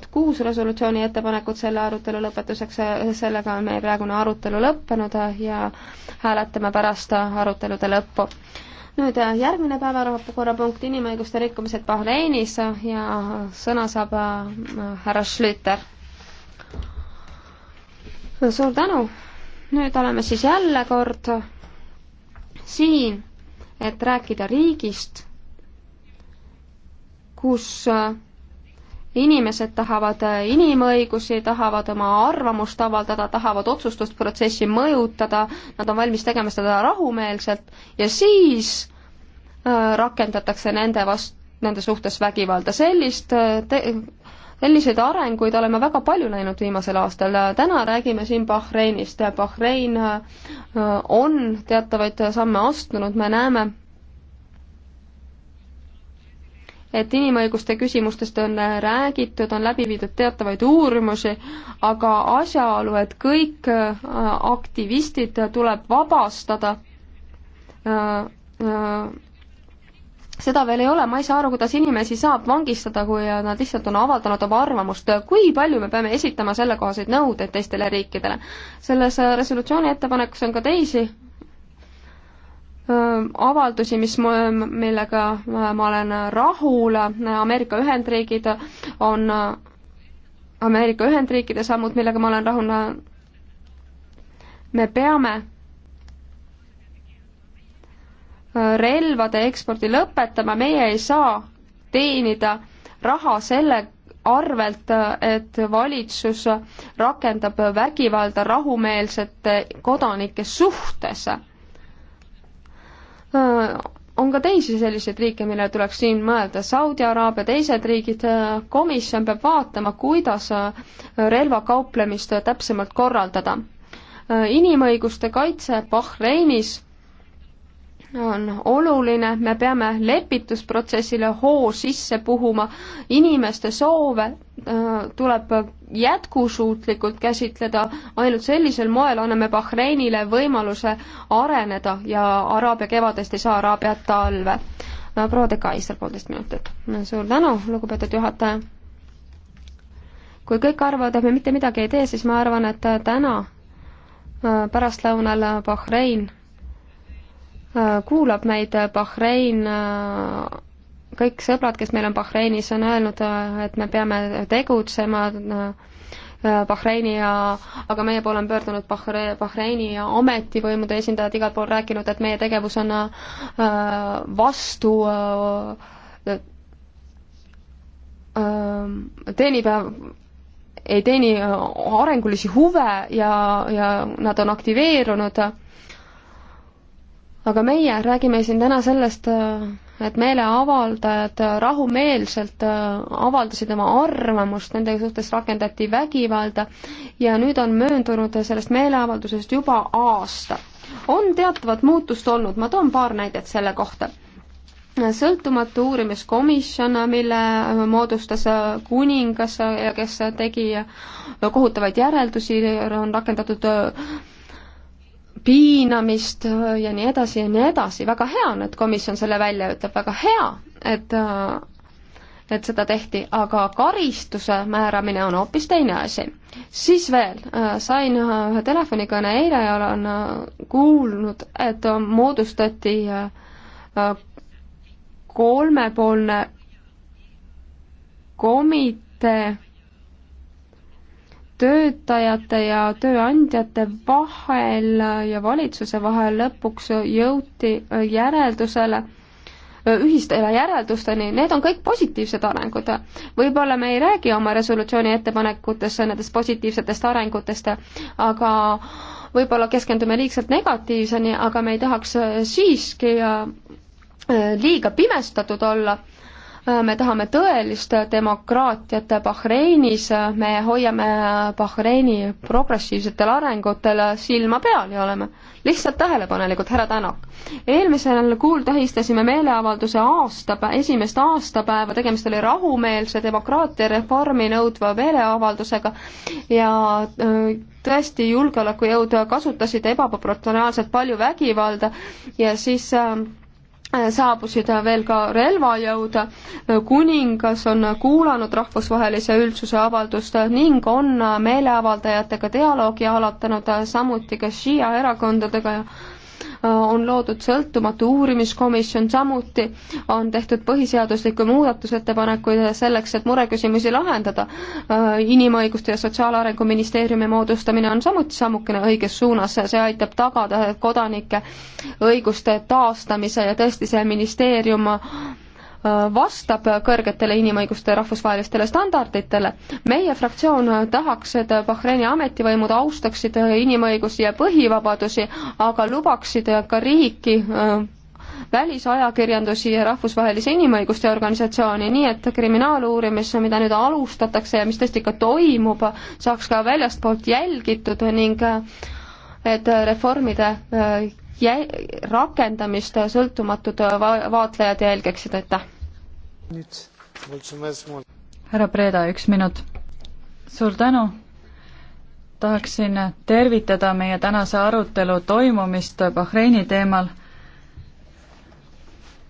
esitanud kuus resolutsiooni ettepanekut selle arutelu lõpetuseks, sellega on meie praegune arutelu lõppenud ja hääletame pärast arutelude lõppu. nüüd järgmine päevakorrapunkt, inimõiguste rikkumised Bahreinis ja sõna saab äh, härra Schlüter. suur tänu, nüüd oleme siis jälle kord siin, et rääkida riigist, kus äh, inimesed tahavad äh, inimõigusi, tahavad oma arvamust avaldada, tahavad otsustusprotsessi mõjutada, nad on valmis tegema seda rahumeelselt ja siis äh, rakendatakse nende vast-, nende suhtes vägivalda. sellist äh, te-, selliseid arenguid oleme väga palju näinud viimasel aastal. täna räägime siin Bahreinist. Bahrein on teatavaid samme astunud, me näeme, et inimõiguste küsimustest on äh, räägitud, on läbi viidud teatavaid uurimusi, aga asjaolu, et kõik äh, aktivistid tuleb vabastada, äh, seda veel ei ole, ma ei saa aru, kuidas inimesi saab vangistada, kui nad lihtsalt on avaldanud oma arvamust. kui palju me peame esitama sellekohaseid nõudeid teistele riikidele? selles resolutsiooni ettepanekus on ka teisi avaldusi, mis, millega äh, ma olen rahul, äh, Ameerika Ühendriigid on, äh, Ameerika Ühendriikide sammud, millega ma olen rahul, me peame relvade ekspordi lõpetama, meie ei saa teenida raha selle arvelt, et valitsus rakendab vägivalda rahumeelsete kodanike suhtes Äh, on ka teisi selliseid riike, millele tuleks siin mõelda, Saudi Araabia, teised riigid, äh, komisjon peab vaatama, kuidas äh, relvakauplemist täpsemalt korraldada. inimõiguste kaitse Bahreinis on oluline, me peame lepitusprotsessile hoo sisse puhuma, inimeste soove äh, tuleb jätkusuutlikult käsitleda, ainult sellisel moel anname Bahreinile võimaluse areneda ja Araabia kevadest ei saa Araabia talve. Äh, proua de Kaiser, poolteist minutit. suur tänu, lugupeetud juhataja. kui kõik arvavad, et me mitte midagi ei tee, siis ma arvan, et täna äh, pärastlõunal Bahrein Äh, kuulab meid äh, Bahrein, äh, kõik sõbrad, kes meil on Bahreinis, on öelnud, et me peame tegutsema Bahreini ja, aga meie poole on pöördunud Bahre-, Bahreini ja ametivõimude esindajad igal pool rääkinud, et meie tegevus on vastu teenib ei teeni arengulisi huve ja, ja nad on aktiveerunud aga meie räägime siin täna sellest, äh, et meeleavaldajad äh, rahumeelselt äh, avaldasid oma arvamust, nende suhtes rakendati vägivalda ja nüüd on möödunud sellest meeleavaldusest juba aasta. on teatavat muutust olnud, ma toon paar näidet selle kohta sõltumatu uurimiskomisjon, mille moodustas kuningas ja kes tegi kohutavaid järeldusi, on rakendatud piinamist äh, ja nii edasi ja nii edasi, väga hea on, et komisjon selle välja ütleb, väga hea, et äh, et seda tehti, aga karistuse määramine on hoopis teine asi. siis veel äh, sain äh, ühe telefonikõne eile ja olen äh, kuulnud, et äh, moodustati äh, kolmepoolne komitee töötajate ja tööandjate vahel ja valitsuse vahel lõpuks jõuti järeldusele, ühistele järeldusteni, need on kõik positiivsed arengud. võib-olla me ei räägi oma resolutsiooni ettepanekutes nendest positiivsetest arengutest, aga võib-olla keskendume liigselt negatiivseni, aga me ei tahaks siiski äh, liiga pimestatud olla me tahame tõelist demokraatiat Bahreinis, me hoiame Bahreini progressiivsetel arengutel silma peal ja oleme lihtsalt tähelepanelikud, härra Tänak. eelmisel kuul tähistasime meeleavalduse aastapä-, esimest aastapäeva, tegemist oli rahumeelse demokraatia reformi nõudva meeleavaldusega ja äh, tõesti, julgeolekujõud kasutasid ebaproportsionaalselt palju vägivalda ja siis äh, Äh, saabusid äh, veel ka relvajõud, äh, kuningas on kuulanud rahvusvahelise üldsuse avaldust ning on meeleavaldajatega dialoogi alatanud, samuti ka Shia erakondadega ja Äh, on loodud sõltumatu uurimiskomisjon, samuti on tehtud põhiseaduslikke muudatusettepanekuid selleks, et mureküsimusi lahendada. Äh, inimõiguste ja Sotsiaalarengu ministeeriumi moodustamine on samuti sammukene õiges suunas, see aitab tagada kodanike õiguste taastamise ja tõesti, see ministeerium Äh, vastab kõrgetele inimõiguste rahvusvahelistele standarditele. meie fraktsioon tahaks, et Bahreini ametivõimud austaksid inimõigusi ja põhivabadusi, aga lubaksid ka riiki äh, välisajakirjandusi ja rahvusvahelise inimõiguste organisatsiooni, nii et kriminaaluurimisse, mida nüüd alustatakse ja mis tõesti ka toimub, saaks ka väljastpoolt jälgitud ning äh, et reformide rakendamist sõltumatud va vaatlejad jälgiksid, aitäh! härra Preda, üks minut. suur tänu! tahaksin tervitada meie tänase arutelu toimumist Bahreini teemal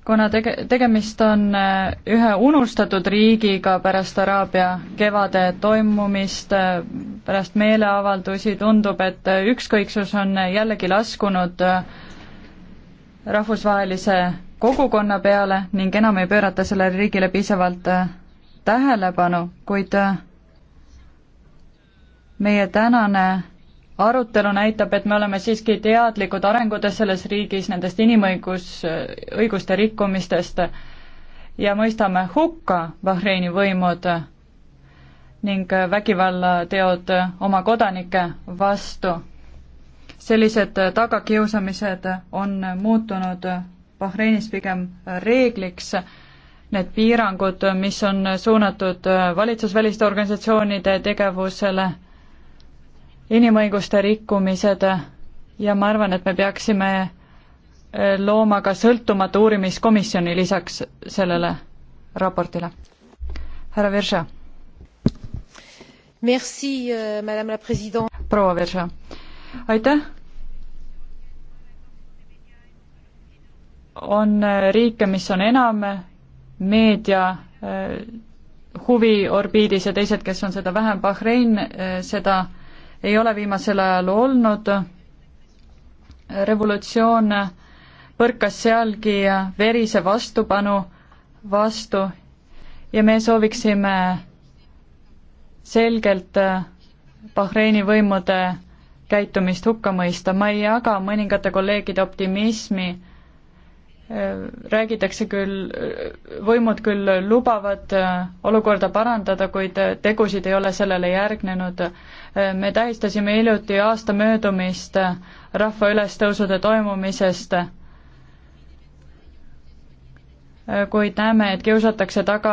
kuna tege-, tegemist on äh, ühe unustatud riigiga pärast Araabia kevade toimumist, äh, pärast meeleavaldusi, tundub, et äh, ükskõiksus on jällegi laskunud rahvusvahelise kogukonna peale ning enam ei pöörata sellele riigile piisavalt tähelepanu, kuid meie tänane arutelu näitab, et me oleme siiski teadlikud arengutest selles riigis, nendest inimõigus, õiguste rikkumistest ja mõistame hukka Bahreini võimud ning vägivallateod oma kodanike vastu. sellised tagakiusamised on muutunud Bahreinis pigem reegliks need piirangud, mis on suunatud valitsusväliste organisatsioonide tegevusele inimõiguste rikkumised ja ma arvan, et me peaksime eh, looma ka sõltumatu uurimiskomisjoni lisaks sellele raportile. härra Virša. Merci, euh, madame la president. proua Virša, aitäh. on eh, riike, mis on enam eh, meedia huviorbiidis ja teised, kes on seda vähem, Bahrein seda ei ole viimasel ajal olnud. revolutsioon põrkas sealgi verise vastupanu vastu ja me sooviksime selgelt Bahreini võimude käitumist hukka mõista, ma ei jaga mõningate kolleegide optimismi, räägitakse küll, võimud küll lubavad olukorda parandada, kuid tegusid ei ole sellele järgnenud me tähistasime hiljuti aasta möödumist rahva ülestõusude toimumisest, kuid näeme, et kiusatakse taga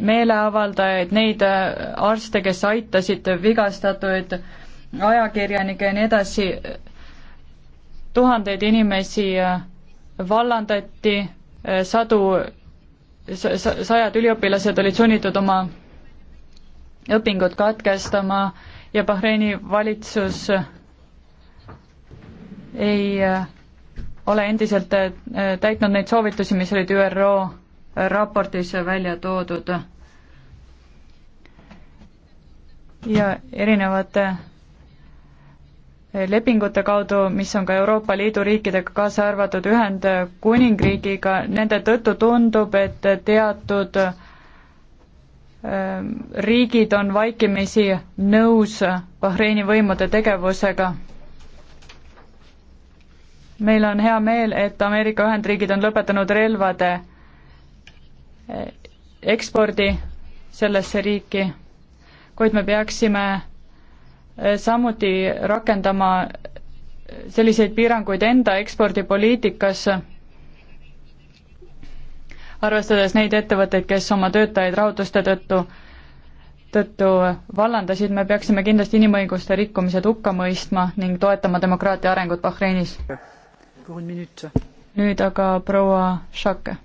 meeleavaldajaid, neid äh, arste, kes aitasid vigastatuid, ajakirjanikke ja nii edasi, tuhandeid inimesi äh, vallandati, äh, sadu, sajad üliõpilased olid sunnitud oma õpingud katkestama, ja Bahreini valitsus ei äh, ole endiselt äh, täitnud neid soovitusi, mis olid ÜRO äh, raportis välja toodud. ja erinevate lepingute kaudu, mis on ka Euroopa Liidu riikidega, kaasa arvatud Ühendkuningriigiga, nende tõttu tundub, et teatud äh, Ehm, riigid on vaikimisi nõus Bahreini võimude tegevusega. meil on hea meel, et Ameerika Ühendriigid on lõpetanud relvade e, ekspordi sellesse riiki, kuid me peaksime e, samuti rakendama e, selliseid piiranguid enda ekspordipoliitikasse arvestades neid ettevõtteid, kes oma töötajaid rahutuste tõttu, tõttu vallandasid, me peaksime kindlasti inimõiguste rikkumised hukka mõistma ning toetama demokraatia arengut Bahreinis. nüüd aga proua Šake.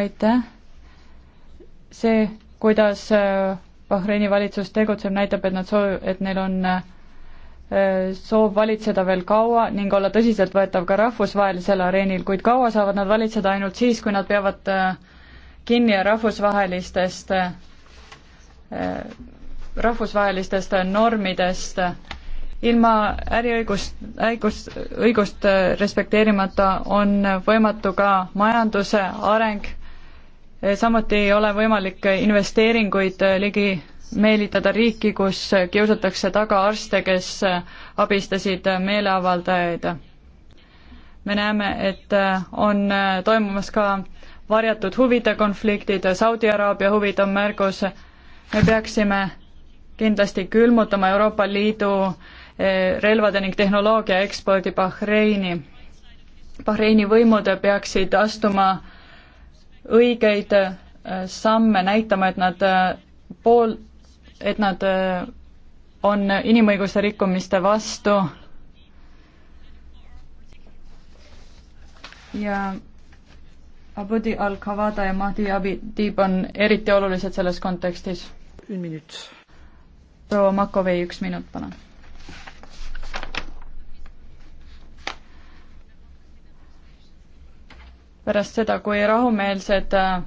aitäh. see, kuidas äh, Bahreini valitsus tegutseb, näitab, et nad soov-, et neil on äh, soov valitseda veel kaua ning olla tõsiseltvõetav ka rahvusvahelisel areenil, kuid kaua saavad nad valitseda ainult siis, kui nad peavad äh, kinni rahvusvahelistest, äh, rahvusvahelistest normidest. ilma äriõigust, õigust, õigust äh, respekteerimata on võimatu ka majanduse areng, samuti ei ole võimalik investeeringuid ligi meelitada riiki, kus kiusatakse taga arste, kes abistasid meeleavaldajaid. me näeme, et on toimumas ka varjatud huvide konfliktid, Saudi Araabia huvid on märgus, me peaksime kindlasti külmutama Euroopa Liidu eh, relvade ning tehnoloogia ekspordi Bahreini. Bahreini võimud peaksid astuma õigeid eh, samme, näitama, et nad eh, pool, et nad äh, on inimõiguste rikkumiste vastu. ja Abudi al-Kawada ja Mahdi Abidib on eriti olulised selles kontekstis. proua Makovei, üks minut, palun. pärast seda, kui rahumeelsed äh,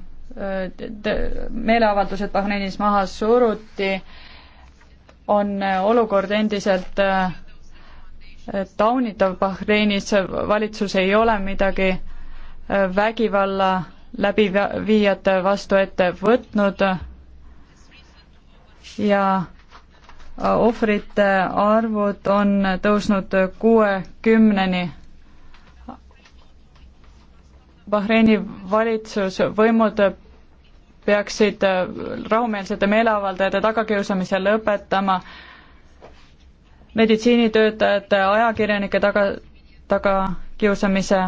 meeleavaldused Bahreinis maha suruti, on olukord endiselt äh, taunitav Bahreinis, valitsus ei ole midagi äh, vägivalla läbiviijate vastu ette võtnud ja äh, ohvrite arvud on tõusnud kuuekümneni Bahreini valitsus, võimud peaksid äh, rahumeelsete meeleavaldajate tagakiusamise lõpetama, meditsiinitöötajate, ajakirjanike taga, tagakiusamise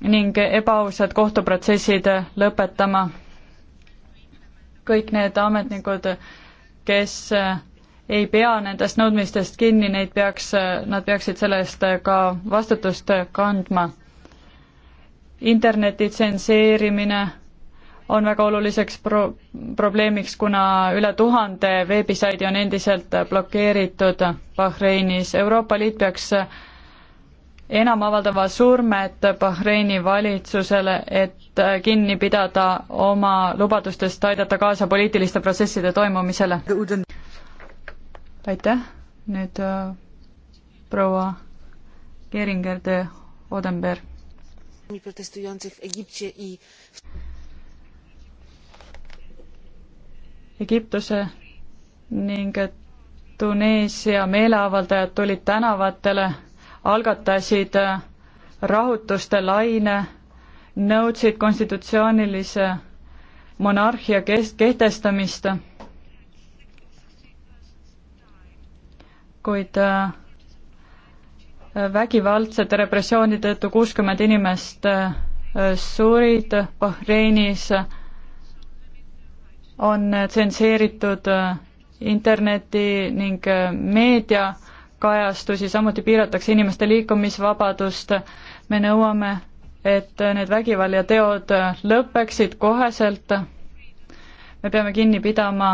ning ebaausad kohtuprotsessid lõpetama. kõik need ametnikud, kes äh, ei pea nendest nõudmistest kinni, neid peaks, äh, nad peaksid selle eest ka vastutust kandma. interneti tsenseerimine on väga oluliseks pro-, probleemiks, kuna üle tuhande veebisaidi on endiselt blokeeritud Bahreinis. Euroopa Liit peaks enam avaldama surmet Bahreini valitsusele, et kinni pidada oma lubadustest aidata kaasa poliitiliste protsesside toimumisele. aitäh, nüüd äh, proua Geringer de Odenberg. protestujących w Egipcie i Egiptuse ning Tuneesia meeleavaldajad tulid tänavatele, algatasid rahutuste laine, nõudsid konstitutsioonilise monarhia kest-, kehtestamist, kuid äh, vägivaldsete repressioonide tõttu kuuskümmend inimest äh, surid Bahreinis on tsenseeritud äh, interneti ning äh, meediakajastusi, samuti piiratakse inimeste liikumisvabadust. me nõuame, et äh, need vägivallateod lõpeksid koheselt. me peame kinni pidama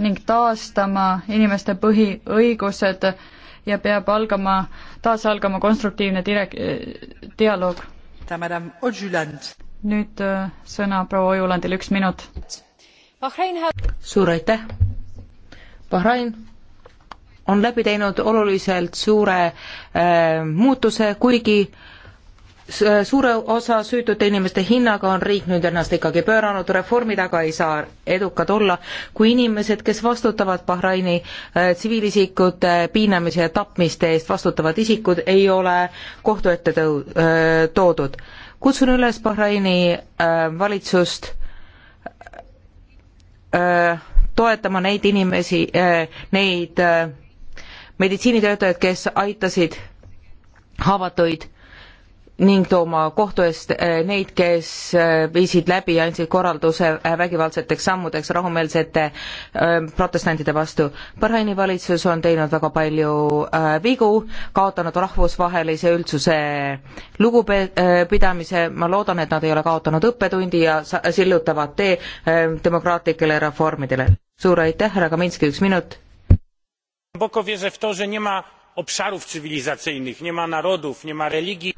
ning taastama inimeste põhiõigused ja peab algama, taas algama konstruktiivne direk-, dialoog nüüd äh, sõna proua Ojulandil, üks minut. suur aitäh. Bahrain on läbi teinud oluliselt suure äh, muutuse, kuigi äh, suure osa süütute inimeste hinnaga on riik nüüd ennast ikkagi pööranud, reformi taga ei saa edukad olla, kui inimesed, kes vastutavad Bahraini äh, tsiviilisikute äh, piinamise ja tapmiste eest vastutavad isikud, ei ole kohtu ette tõu- äh,, toodud äh, kutsun üles Bahraini äh, valitsust äh, toetama neid inimesi, äh, neid meditsiinitöötajaid, kes aitasid haavatuid ning tooma kohtu eest eh, neid, kes eh, viisid läbi ja andsid korralduse eh, vägivaldseteks sammudeks rahumeelsete protestantide vastu. Bahraini valitsus on teinud väga palju vigu, kaotanud rahvusvahelise üldsuse lugupidamise, ma loodan, et nad ei ole kaotanud õppetundi ja sillutavad tee demokraatlikele reformidele. suur aitäh, härra Kaminski, üks minut. głęboko wierzę w to, że nie ma obszarów cywilizacyjnych, nie ma narodów, nie ma religii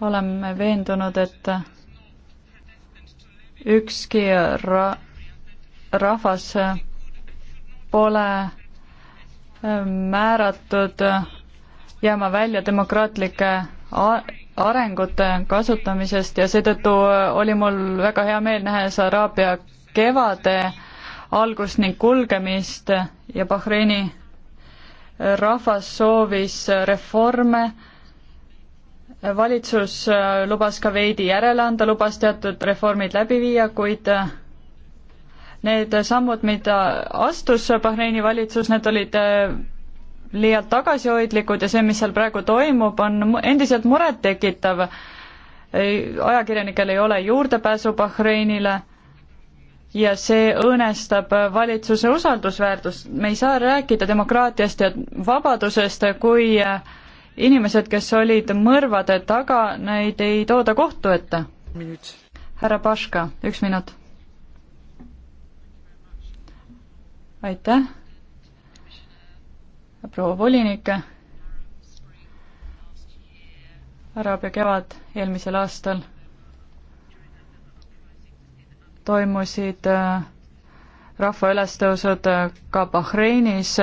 oleme veendunud, et ükski ra-, rahvas pole äh, määratud jääma välja demokraatlike arengute kasutamisest ja seetõttu oli mul väga hea meel, nähes Araabia kevade algust ning kulgemist ja Bahreini rahvas soovis reforme, valitsus äh, lubas ka veidi järele anda, lubas teatud reformid läbi viia, kuid äh, need sammud, mida astus Bahreini valitsus, need olid äh, liialt tagasihoidlikud ja see, mis seal praegu toimub, on endiselt murettekitav. ajakirjanikel ei ole juurdepääsu Bahreinile ja see õõnestab valitsuse usaldusväärtust. me ei saa rääkida demokraatiast ja vabadusest, kui inimesed, kes olid mõrvade taga, neid ei tooda kohtu ette. härra Paška, üks minut. aitäh. proua volinik. araabia kevad eelmisel aastal toimusid äh, rahva ülestõusud äh, ka Bahreinis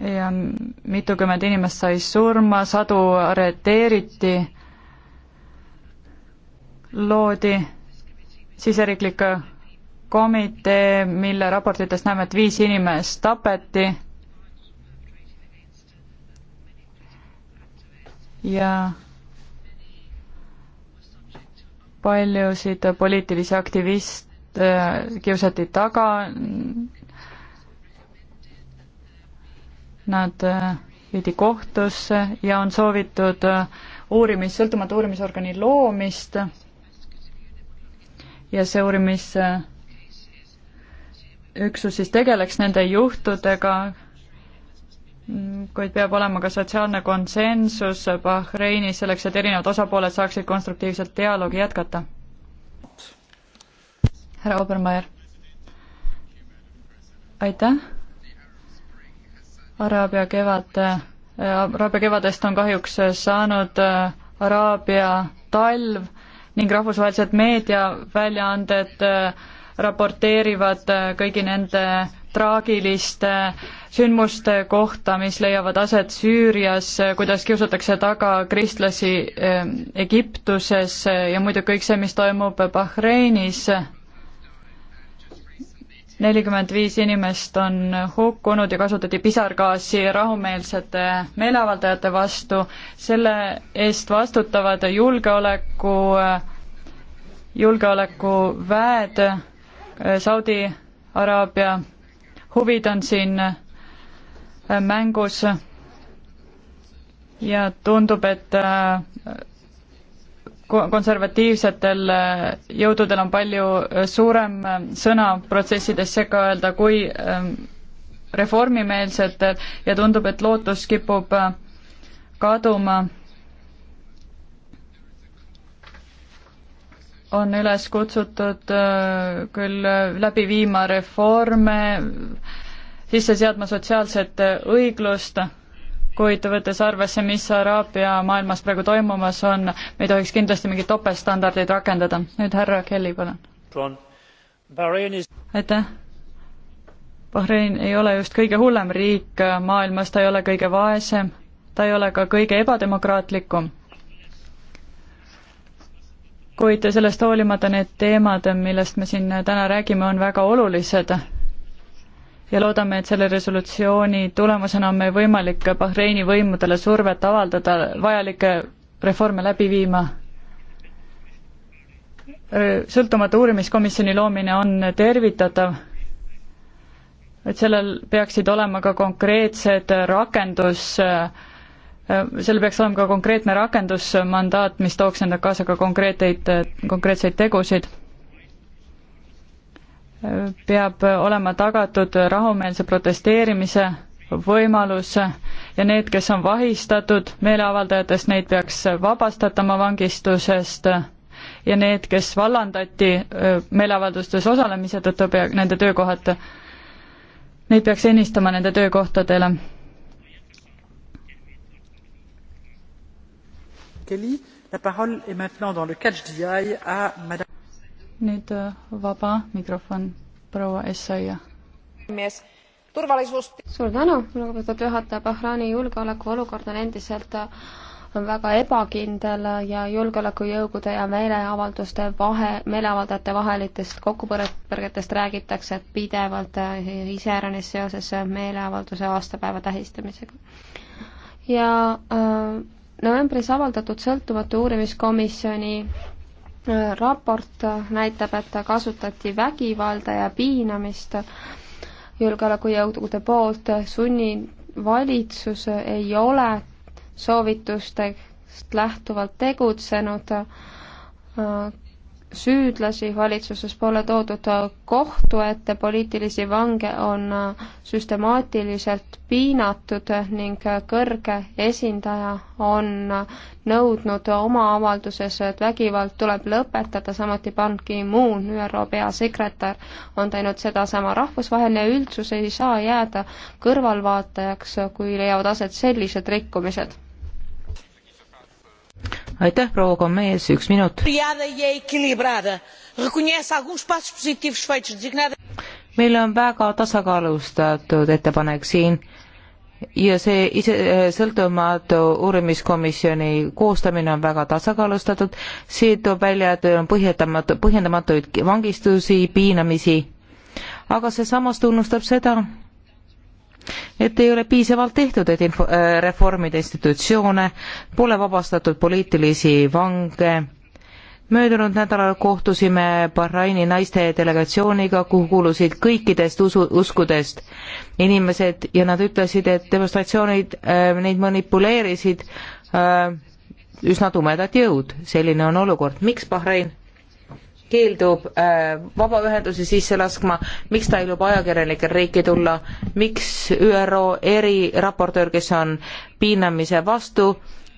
ja mitukümmend inimest sai surma, sadu arreteeriti, loodi siseriiklik komitee, mille raportites näeme, et viis inimest tapeti ja paljusid poliitilisi aktiviste kiusati taga, nad äh, viidi kohtusse ja on soovitud äh, uurimis, sõltumatu uurimisorgani loomist ja see uurimisüksus äh, siis tegeleks nende juhtudega, kuid peab olema ka sotsiaalne konsensus Bahreinis selleks, et erinevad osapooled saaksid konstruktiivselt dialoogi jätkata. härra Obermeier. aitäh Araabia kevade, äh, Araabia kevadest on kahjuks äh, saanud äh, Araabia talv ning rahvusvahelised meediaväljaanded raporteerivad kõigi nende traagiliste sündmuste kohta, mis leiavad aset Süürias, kuidas kiusatakse taga kristlasi Egiptuses ja muidu kõik see, mis toimub Bahreinis nelikümmend viis inimest on hukkunud ja kasutati pisargaasi rahumeelsete meeleavaldajate vastu. selle eest vastutavad julgeoleku, julgeolekuväed, Saudi Araabia huvid on siin mängus ja tundub, et konservatiivsetel äh, jõududel on palju äh, suurem äh, sõna protsessides sekka öelda kui ähm, reformimeelsetel ja tundub, et lootus kipub kaduma. on üles kutsutud küll läbi viima reforme, sisse seadma sotsiaalset õiglust kuid võttes arvesse, mis Araabia maailmas praegu toimumas on, me ei tohiks kindlasti mingeid topeltstandardeid rakendada. nüüd härra Kelly, palun. aitäh. Bahrein ei ole just kõige hullem riik maailmas, ta ei ole kõige vaesem, ta ei ole ka kõige ebademokraatlikum kuid sellest hoolimata need teemad, millest me siin täna räägime, on väga olulised ja loodame, et selle resolutsiooni tulemusena on meil võimalik Bahreini võimudele survet avaldada vajalikke reforme läbi viima. sõltumatu uurimiskomisjoni loomine on tervitatav, et sellel peaksid olema ka konkreetsed rakendus, sellel peaks olema ka konkreetne rakendusmandaat, mis tooks enda kaasa ka konkreeteid, konkreetseid tegusid peab olema tagatud rahumeelse protesteerimise võimalus ja need, kes on vahistatud meeleavaldajatest, neid peaks vabastatama vangistusest ja need, kes vallandati meeleavaldustes osalemise tõttu, pea-, nende töökohad, neid peaks ennistama nende töökohtadele. Kelly, la parole est maintenant dans le catch d'IA à madame Nyt äh, vaba mikrofon proua Essaia. Turvalisuus... suur tänu, lugupeetud juhataja, Bahraini julgeolekuolukord on endiselt on äh, väga ebakindel ja julgeolekujõugude ja meeleavalduste vahe, meeleavaldajate vahelitest kokkupõrgetest räägitakse pidevalt äh, iseäranis seoses meeleavalduse aastapäeva tähistamisega. ja äh, novembris avaldatud sõltumatu uurimiskomisjoni raport näitab, et kasutati vägivalda ja piinamist julgeolekujõudude poolt, sunnivalitsus ei ole soovitustest lähtuvalt tegutsenud süüdlasi valitsuses pole toodud kohtu ette, poliitilisi vange on süstemaatiliselt piinatud ning kõrge esindaja on nõudnud oma avalduses, et vägivald tuleb lõpetada, samuti Ban Ki-moon, ÜRO peasekretär, on teinud sedasama. rahvusvaheline üldsus ei saa jääda kõrvalvaatajaks, kui leiavad aset sellised rikkumised aitäh, proua Gomez, üks minut. E meil on väga tasakaalustatud ettepanek siin ja see ise, eh, sõltumatu uurimiskomisjoni koostamine on väga tasakaalustatud, see toob välja, et on põhjendamatu, põhjendamatuid vangistusi, piinamisi, aga see samas tunnustab seda, et ei ole piisavalt tehtud, et info, äh, reformida institutsioone, pole vabastatud poliitilisi vange. möödunud nädalal kohtusime Bahraini naiste delegatsiooniga, kuhu kuulusid kõikidest usu, uskudest inimesed ja nad ütlesid, et demonstratsioonid äh, neid manipuleerisid äh, üsna tumedad jõud. selline on olukord. miks Bahrain keeldub äh, vabaühendusi sisse laskma, miks ta ei luba ajakirjanikel riiki tulla, miks ÜRO eriraportöör, kes on piinamise vastu,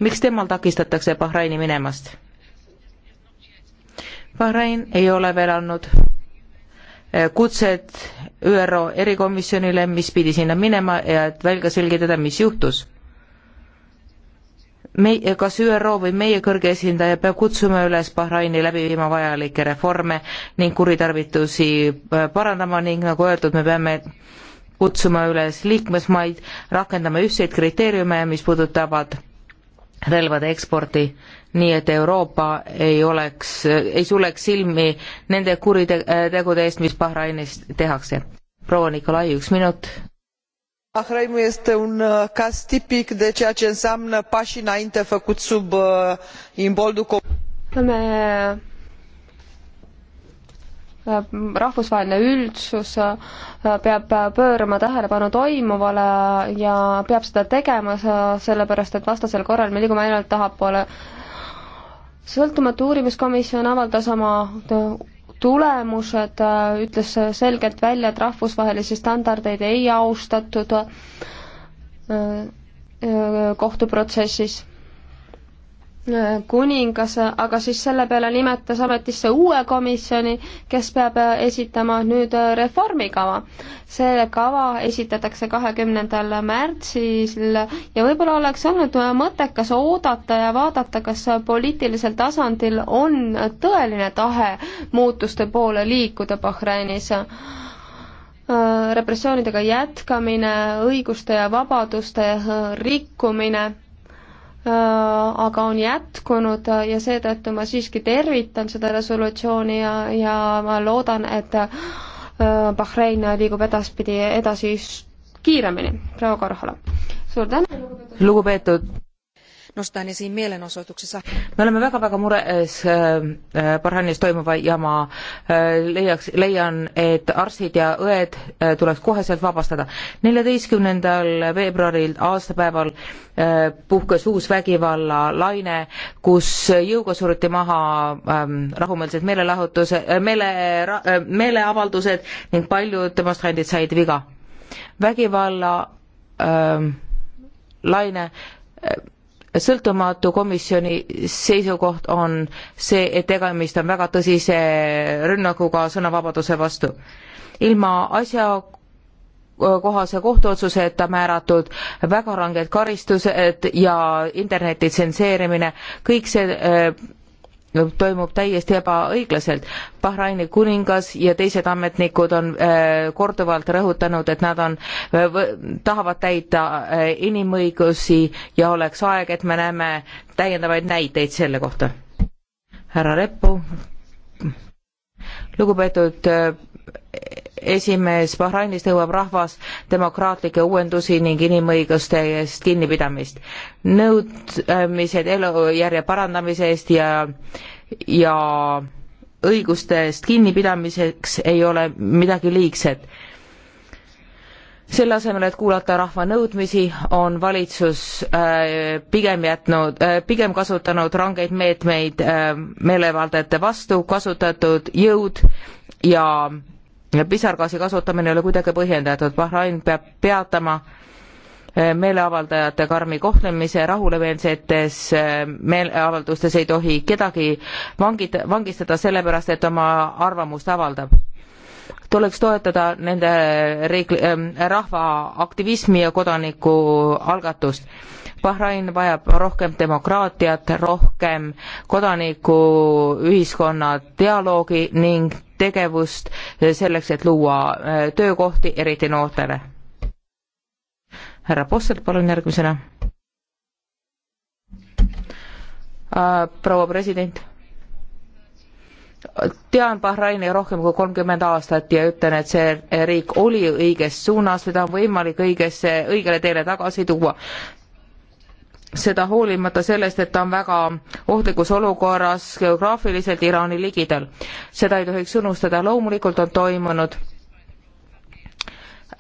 miks temal takistatakse Bahraini minemast? Bahrain ei ole veel andnud äh, kutset ÜRO erikomisjonile, mis pidi sinna minema ja et välja selgitada, mis juhtus meie, kas ÜRO või meie kõrge esindaja peab kutsuma üles Bahraini läbi viima vajalikke reforme ning kuritarvitusi äh, parandama ning nagu öeldud, me peame kutsuma üles liikmesmaid rakendama ühtseid kriteeriume, mis puudutavad relvade eksporti, nii et Euroopa ei oleks, äh, ei suleks silmi nende kuritegude äh, eest, mis Bahrainis tehakse. proua Nikolai, üks minut bahrainul este un uh, caz tipic de ceea ce înseamnă paii înainte făcui sub uh, imboldul äh, rahvusvaheline üldsus äh, peab äh, pöörama tähelepanu toimuvale ja peab seda tegema, sellepärast et vastasel korral me liigume ainult tahapoole. sõltumatu uurimiskomisjon avaldas oma tulemused, äh, ütles selgelt välja, et rahvusvahelisi standardeid ei austatud äh, äh, kohtuprotsessis kuningas, aga siis selle peale nimetas ametisse uue komisjoni, kes peab esitama nüüd reformikava. see kava esitatakse kahekümnendal märtsil ja võib-olla oleks olnud mõttekas oodata ja vaadata, kas poliitilisel tasandil on tõeline tahe muutuste poole liikuda Bahreinis repressioonidega jätkamine, õiguste ja vabaduste rikkumine Äh, aga on jätkunud äh, ja seetõttu ma siiski tervitan seda resolutsiooni ja, ja ma loodan, et äh, Bahrein liigub edaspidi edasi kiiremini. proua Korhola, suur tänu. lugupeetud nostan esiin mielenosoituksessa. me oleme väga-väga mures äh, äh, Bahranis toimuva jama. Äh, leiaks, leian, et arstid ja õed tuleks koheselt vabastada. neljateistkümnendal veebruaril aastapäeval puhkes uus vägivallalaine, kus jõuga suruti maha ähm, rahumeelsed meelelahutuse, meele, meeleavaldused ning paljud demonstrandid said viga. vägivalla äh, laine äh, sõltumatu komisjoni seisukoht on see, et tegemist on väga tõsise rünnakuga sõnavabaduse vastu. ilma asjakohase kohtuotsuseta määratud väga ranged karistused ja interneti tsenseerimine, kõik see äh, toimub täiesti ebaõiglaselt. Bahraini kuningas ja teised ametnikud on äh, korduvalt rõhutanud, et nad on, äh, tahavad täita äh, inimõigusi ja oleks aeg, et me näeme täiendavaid näiteid selle kohta. härra Reppu, lugupeetud esimees, Bahrainis nõuab rahvas demokraatlikke uuendusi ning inimõiguste eest kinnipidamist. nõudmised elujärje parandamise eest ja, ja õiguste eest kinnipidamiseks ei ole midagi liigset selle asemel, et kuulata rahva nõudmisi, on valitsus äh, pigem jätnud äh,, pigem kasutanud rangeid meetmeid äh, meelevaldajate vastu, kasutatud jõud ja pisargaasi kasutamine ei ole kuidagi põhjendatud, Bahrain peab peatama eh, meeleavaldajate karmi kohtlemise rahulemeelsetes eh, meeleavaldustes ei tohi kedagi vangid, vangistada sellepärast, et oma arvamust avaldab. tuleks toetada nende riik- äh,, eh, rahvaaktivismi ja kodanikualgatust Bahrain vajab rohkem demokraatiat, rohkem kodanikuühiskonna dialoogi ning tegevust selleks, et luua äh, töökohti, eriti noortele. härra Posselt, palun järgmisena. Äh, proua president tean Bahraini rohkem kui kolmkümmend aastat ja ütlen, et see riik oli õiges suunas, seda on võimalik õigesse, õigele teele tagasi tuua seda hoolimata sellest, et ta on väga ohtlikus olukorras geograafiliselt Iraani ligidal. seda ei tohiks unustada, loomulikult on toimunud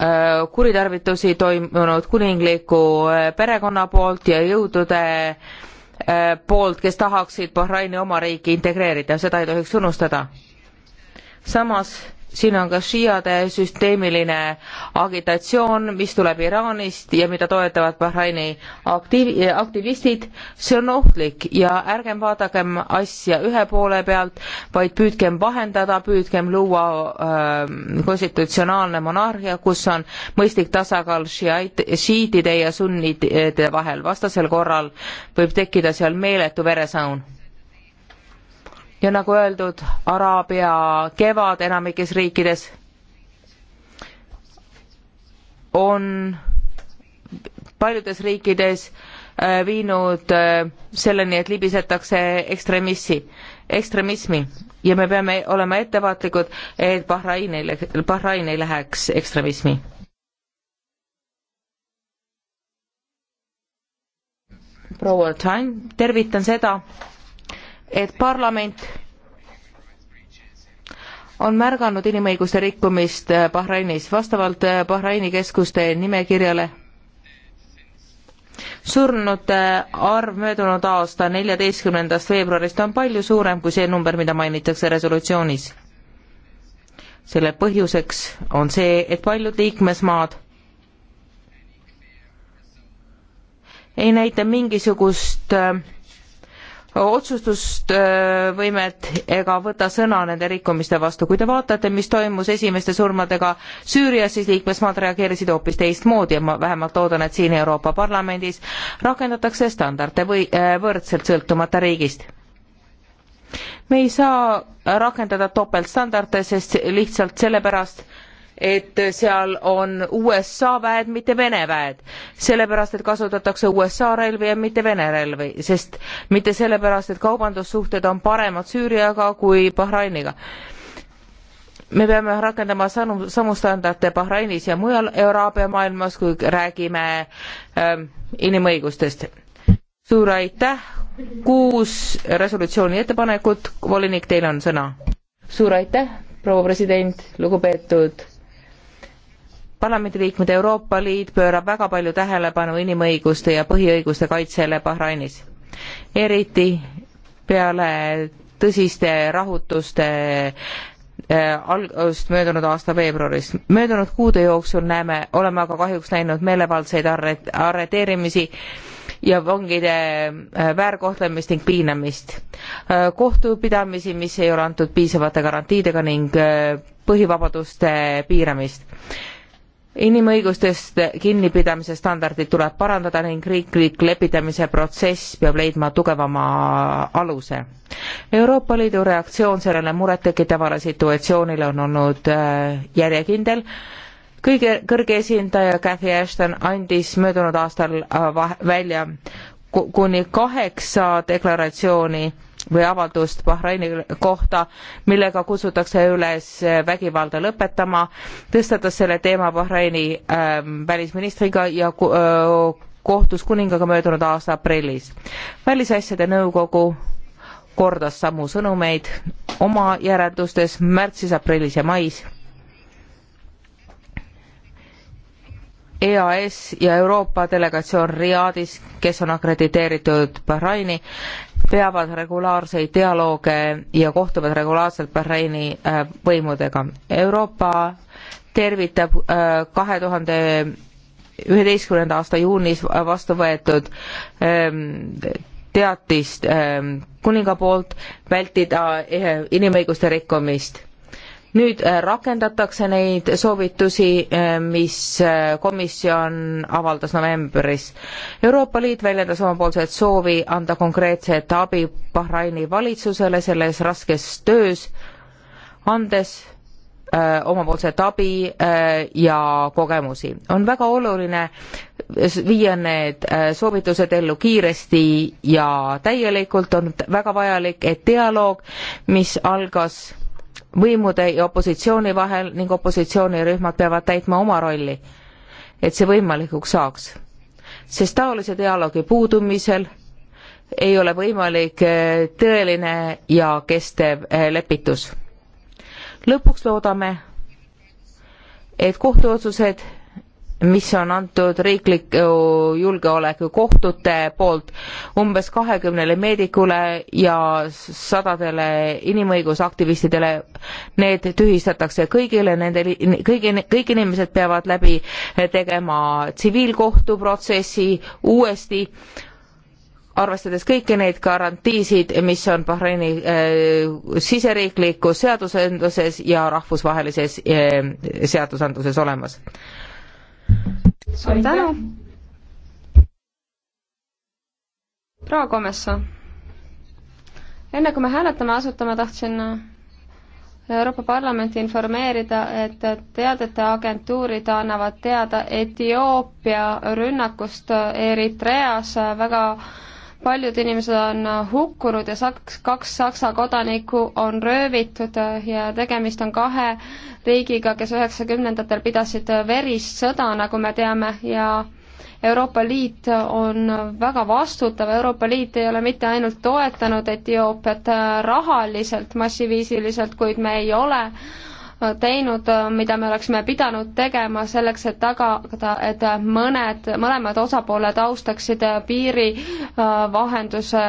äh, kuritarvitusi toimunud kuningliku äh, perekonna poolt ja jõudude äh, poolt, kes tahaksid Bahraini oma riiki integreerida, seda ei tohiks unustada. samas siin on ka šiiade süsteemiline agitatsioon, mis tuleb Iraanist ja mida toetavad Bahraini aktiiv-, aktivistid, see on ohtlik ja ärgem vaadakem asja ühe poole pealt, vaid püüdkem vahendada, püüdkem luua äh, konstitutsionaalne monarhia, kus on mõistlik tasakaal šiiait-, šiidide ja sunnide vahel, vastasel korral võib tekkida seal meeletu veresaun ja nagu öeldud, Araabia kevad enamikes riikides on paljudes riikides äh, viinud äh, selleni, et libisetakse ekstremissi, ekstremismi ja me peame olema ettevaatlikud, et Bahrain ei, Bahrain ei läheks ekstremismi. proua Tain, tervitan seda, et parlament on märganud inimõiguste rikkumist Bahrainis vastavalt äh, Bahraini keskuste nimekirjale surnute äh, arv möödunud aasta neljateistkümnendast veebruarist on palju suurem kui see number, mida mainitakse resolutsioonis. selle põhjuseks on see, et paljud liikmesmaad ei näita mingisugust äh, otsustusvõimet ega võta sõna nende rikkumiste vastu. kui te vaatate, mis toimus esimeste surmadega Süürias, siis liikmesmaad reageerisid hoopis teistmoodi ja ma vähemalt loodan, et siin Euroopa Parlamendis rakendatakse standarde või võrdselt sõltumata riigist. me ei saa rakendada topeltstandarde, sest lihtsalt sellepärast, et seal on USA väed, mitte Vene väed. sellepärast, et kasutatakse USA relvi ja mitte Vene relvi, sest mitte sellepärast, et kaubandussuhted on paremad Süüriaga kui Bahrainiga. me peame rakendama samu, samu standarde Bahrainis ja mujal Araabia maailmas, kui räägime ähm, inimõigustest. suur aitäh, kuus resolutsiooni ettepanekut, volinik, teil on sõna. suur aitäh, proua president, lugupeetud parlamendiliikmed, Euroopa Liit pöörab väga palju tähelepanu inimõiguste ja põhiõiguste kaitsele Bahrainis. eriti peale tõsiste rahutuste äh, algust möödunud aasta veebruaris. möödunud kuude jooksul näeme, oleme aga kahjuks näinud meelevaldseid arret-, arreteerimisi ja vangide äh, väärkohtlemist ning piinamist. Äh, kohtupidamisi, mis ei ole antud piisavate garantiidega ning põhivabaduste piiramist inimõigustest kinnipidamise standardid tuleb parandada ning riiklik lepitamise protsess peab leidma tugevama aluse. Euroopa Liidu reaktsioon sellele murettekitavale situatsioonile on olnud äh, järjekindel. kõige, kõrge esindaja Cathy Ashton andis möödunud aastal äh, välja kuni kaheksa deklaratsiooni või avaldust Bahraini kohta, millega kutsutakse üles vägivalda lõpetama, tõstatas selle teema Bahraini äh, välisministriga ja äh, kohtus kuningaga möödunud aasta aprillis. välisasjade nõukogu kordas samu sõnumeid oma järeldustes märtsis, aprillis ja mais EAS ja Euroopa delegatsioon Riadis, kes on akrediteeritud Bahraini, peavad regulaarseid dialoog ja kohtuvad regulaarselt Bahraini äh, võimudega. Euroopa tervitab äh, kahe tuhande üheteistkümnenda aasta juunis vastu võetud ähm, teatist ähm, kuninga poolt vältida äh, inimõiguste rikkumist nüüd äh, rakendatakse neid soovitusi, äh, mis äh, komisjon avaldas novembris. Euroopa Liit väljendas omapoolset soovi anda konkreetset abi Bahraini valitsusele selles raskes töös, andes omapoolset abi ja kogemusi. on väga oluline viia need soovitused ellu kiiresti ja täielikult, on väga vajalik, et dialoog, mis algas võimude ja opositsiooni vahel ning opositsioonirühmad peavad täitma oma rolli, et see võimalikuks saaks. sest taolise dialoogi puudumisel ei ole võimalik eh, tõeline ja kestev eh, lepitus. lõpuks loodame, et kohtuotsused mis on antud riikliku julgeoleku kohtute poolt umbes kahekümnele meedikule ja sadadele inimõigusaktivistidele. Need tühistatakse kõigile, nende, kõigi, kõik inimesed peavad läbi tegema tsiviilkohtuprotsessi uuesti, arvestades kõiki neid garantiisid, mis on Bahreini äh, siseriiklikus seadusandluses ja rahvusvahelises äh, seadusandluses olemas suur tänu. proua Komesso, enne kui me hääletama asutame, tahtsin Euroopa Parlamenti informeerida, et teadete agentuurid annavad teada Etioopia rünnakust Eritreas väga paljud inimesed on hukkunud ja saks, kaks Saksa kodanikku on röövitud äh, ja tegemist on kahe riigiga, kes üheksakümnendatel pidasid äh, verist sõda, nagu me teame, ja Euroopa Liit on väga vastutav, Euroopa Liit ei ole mitte ainult toetanud Etioopiat äh, rahaliselt massiviisiliselt, kuid me ei ole teinud, mida me oleksime pidanud tegema selleks, et tagada, et mõned, mõlemad osapooled austaksid piiri äh, vahenduse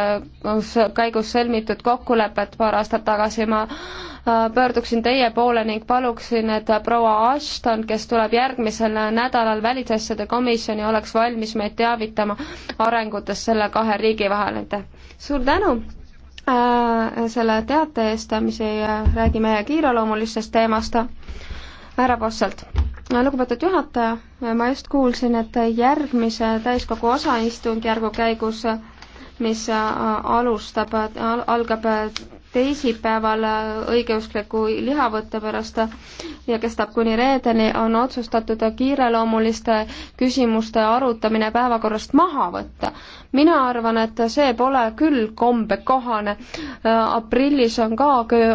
käigus sõlmitud kokkulepet paar aastat tagasi. ma äh, pöörduksin teie poole ning paluksin, et proua Ashton, kes tuleb järgmisel nädalal välisasjade komisjoni, oleks valmis meid teavitama arengutest selle kahe riigi vahel, aitäh! suur tänu! Äh, selle teate eest, mis ei äh, räägi meie kiireloomulistest teemast, härra Posselt. lugupeetud juhataja, ma just kuulsin, et järgmise täiskogu osaistungjärgu käigus mis äh, alustab, algab teisipäeval õigeuskliku lihavõtte pärast ja kestab kuni reedeni, on otsustatud kiireloomuliste küsimuste arutamine päevakorrast maha võtta. mina arvan, et see pole küll kombekohane. aprillis on ka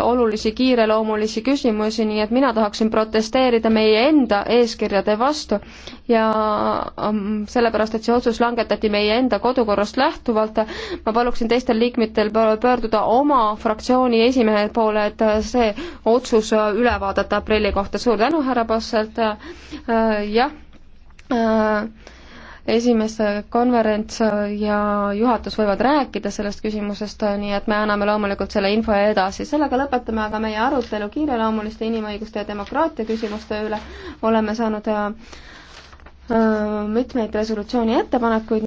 olulisi kiireloomulisi küsimusi, nii et mina tahaksin protesteerida meie enda eeskirjade vastu ja um, sellepärast, et see otsus langetati meie enda kodukorrast lähtuvalt, ma paluksin teistel liikmetel pöörduda oma fraktsiooni fraktsiooni esimehe poole, et äh, see otsus äh, üle vaadata aprilli kohta. suur tänu, härra Posselt. Äh, jah esimeste konverents ja juhatus võivad rääkida sellest küsimusest, nii et me anname loomulikult selle info edasi. sellega lõpetame aga meie arutelu kiireloomuliste inimõiguste ja demokraatia küsimuste üle. oleme saanud mitmeid resolutsiooni ettepanekuid.